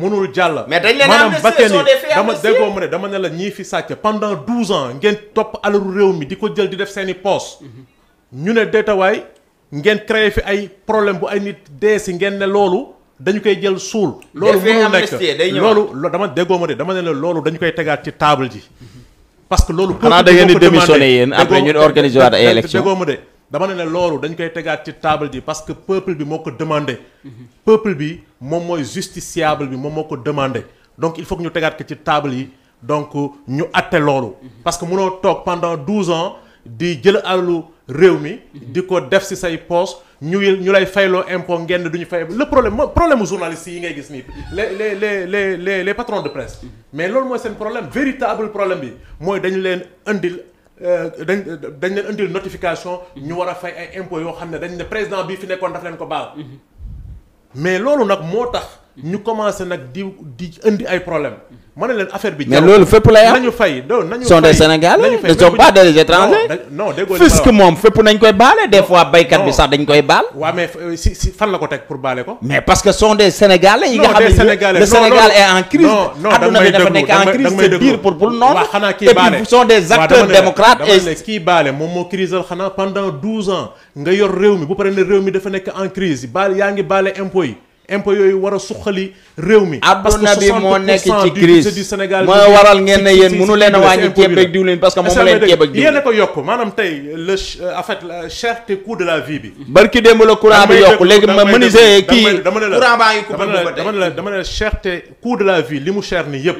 mënul jàll. mais dañ leen amnistie maanaam dama déggoo mu ne dama ne la ñii fi sàcc pendent douze ans ngeen topp alalu réew mi di ko jël di def seeni i poos. ñu ne deetawaay ngeen créé fi ay problème bu ay nit dee si ngeen ne loolu dañu koy jël suul. loolu mënul nekk loolu dama déggoo ma de dama ne la loolu dañu koy tegaat ci table ji. parce que loolu. xanaa da ngeen di démissionné yéen après ñun organiser waat ay élections déggoo ma de. dama ne ne loolu dañ koy tegaat ci taable ji parce que peuple bi moo ko demandé. peuple bi moom mooy justiciable bi moom moo ko demandé donc il faut ñu tegaat ko ci taable yi donc ñu atte loolu. parce que mënoo toog pendant douze ans di jël alalu réew mi. di ko def si say poche ñu ñu lay fayloo impôt ngeen duñu ñu fay le problème problème mu journaliste yi ngay gis nii. les le le les les les de presse. mais loolu mooy seen problème véritable problème bi mooy dañu leen indil. Euh, dañ dañ leen indil notification. ñu war a fay ay impôts yoo xam ne dañ ne président bi fi nekkoon daf leen ko baal. Mhm. mais loolu nag moo tax. ñu commencé nag di di indi ay problème ma ne leen affaire bi. mais loolu fépp lay am nañu fay do nañu fay sont des sénégalais ne sont pas des étrangers. non déggoo moom fépp nañ koy baale des fois baykat bi sax dañ koy baal. waaw mais euh, fan la ko teg pour baale ko. mais parce que sont des sénégalais yi nga xam ne le Sénégal est en crise. non adduna bi dafa nekk en crise c'est dur pour pour noonu. waaw xanaa kii baale et puis sont des acteurs démocrates et. baale moom moo crisal xanaa pendant douze ans nga yor réew mi bu paree réew mi dafa nekk en crise baal yaa ngi baale impôt yi impôts yooyu war a suqali réew mi. parce que 60 pour cent du budget du waral ngeen ne yéen mënu leen a wàññi ceeb ak diwlin parce que moom leen ceeb ak diwlin yéen a ko yokk maanaam tey le euh, en fait la cherté coût de la vie bi. barki démb la courant bi yokk léegi ma menuisier kii courant baa ngi coupé ba tey dama ne de la vie li mu cher ni yëpp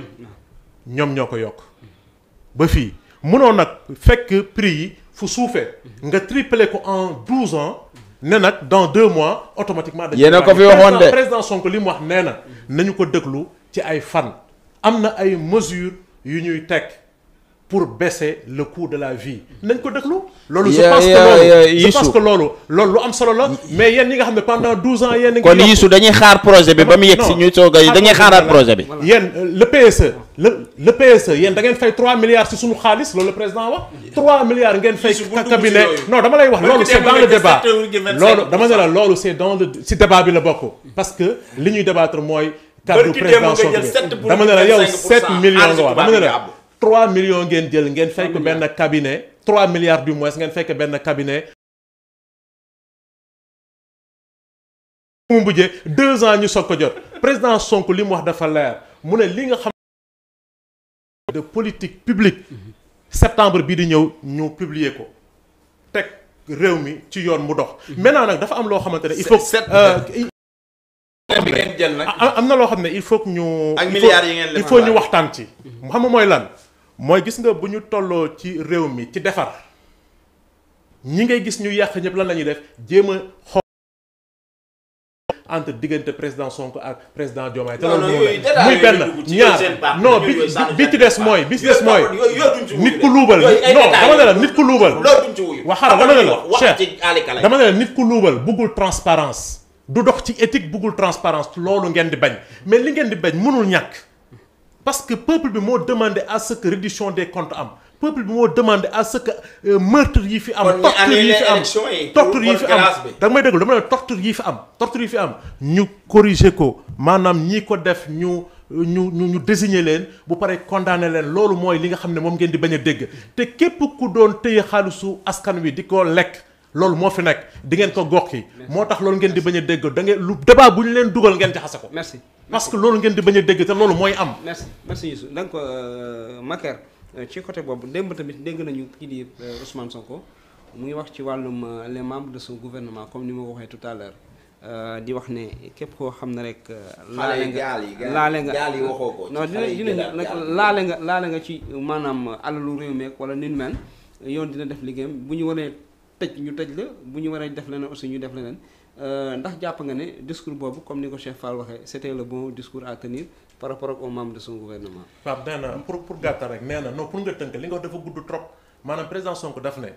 ñoom ñoo ko yokk ba fii mënoo nag fekk prix yi fu suufee nga triplé ko en 12 ans. ne nag dans deux mois automatiquement. dañu yéen a ko fi waxoon de président Sonko li mu wax nee na nañu ko déglu ci ay fan am na ay mesures yu ñuy tekk pour baisser le coût de la vie. nañ ko déglu. loolu je loolu je pense loolu loolu lu am solo la. mais yéen ñi nga xam ne pendant 12 ans yéen a xaar projet bi ba mu yegg si ñu soog a dañuy xaaraat projet bi. yéen euh, le PSE. le PSE e, yéen da ngeen fay 3 milliards si suñu xaalis loolu le président wax. 3 milliards ngeen fay. cabinet non dama lay wax loolu c'est dans le débat. loolu dama ne la loolu c'est dans le débat bi la bokk. parce que li ñuy débattre mooy. 3 millions ngeen jël ngeen fekk benn cabinet 3 milliards du moins ngeen fekk benn cabinet bumbuje deux ñu soog ko jot président Sonko mu wax dafa mu ne li nga xam de politique publique mhm. septembre bii di ñëw ñu publier ko teg réew mi ci yoon mu dox mhm. maintenant nag dafa am loo xamante ne il faut euh, am na loo xam ne il faut ñu il faut ñu waxtaan ci mhm. xam nga mooy lan mooy gis nga bu ñu tolloo ci réew mi ci defar ñi ngay gis ñu yàq ñëpp lan la ñuy def jéem a xool entre diggante président Sonko ak président Diomaye te loolu muy benn ñaar non bi bi ci des mooy bi ci des mooy nit ku luubal non dama ne la nit ku luubal waa xaaral dama ne nit ku luubal buggul transparence du dox ci éthique buggul transparence loolu ngeen di bañ mais li ngeen di bañ mënul ñàkk parce que peuple bi moo demandé à ce que réduction des comptes am peuple bi moo demandé à ce que euh, yi fi am torture yi fi am torture fi am da may déglu dama ne torture yi fi am torture yi fi am ñu corriger ko maanaam ñi ko def ñu ñu ñu ñu désigner leen bu paree condamné leen loolu mooy li nga xam ne moom ngeen di bañ a dégg te képp ku doon téye xaalisu askan wi di ko lekk loolu moo fi nekk di ngeen ko gox yi moo tax loolu ngeen di bañ a dégg da ngeen lu débat bu ñu leen dugal ngeen jaxase ko. merci parce que loolu ngeen di bañ a dégg te loolu mooy am. merci merci Youssou donc euh, Maker euh, ci côté boobu démb tamit dégg nañu kii di euh, Ousmane ko mu ngi wax ci wàllum les membres de son gouvernement comme ni ma ko waxee tout à di wax ne képp koo xam ne rek. laale nga laale nga yi waxoo ko. non dina dina nag nga laale nga ci maanaam alalu réew meek wala nin mel yoon dina def liggéeyam bu ñu waree. tëj ñu tëj la bu ñu waree def leneen aussi ñu def leneen euh, ndax jàpp nga ne discours boobu comme ni ko Cheikh Fall waxee c'était le bon discours à tenir par rapport ak aux membres de son gouvernement. Pape nee na pour pour gàttal rek nee na pour nga tënk li nga wax dafa gudd trop maanaam président Sonko daf ne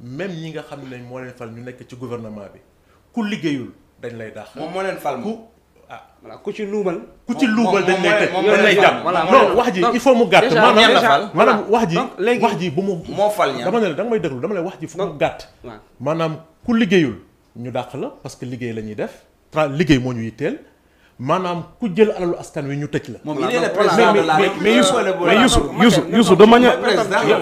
même ñi nga xam ne moo leen fal ñu nekk ci gouvernement bi ku liggéeyul dañ lay daax. moom moo leen fal ku Ah. voilà ku ci luubal. ku ci luubal dañ lay tëj dañ lay jàpp non wax ji il faut mu gàtt. maanaam maanaam wax ji. wax ji bu mu. moo fal ñaar dama ne la danga may déglu dama lay wax ji fu mu gàtt. maanaam ku liggéeyul ñu dàq la parce que liggéey la ñuy def. tra liggéey moo ñu yitteel maanaam ku jël alalu askan wi ñu tëj la. moom il est mais mais Youssou Youssou Youssou de manière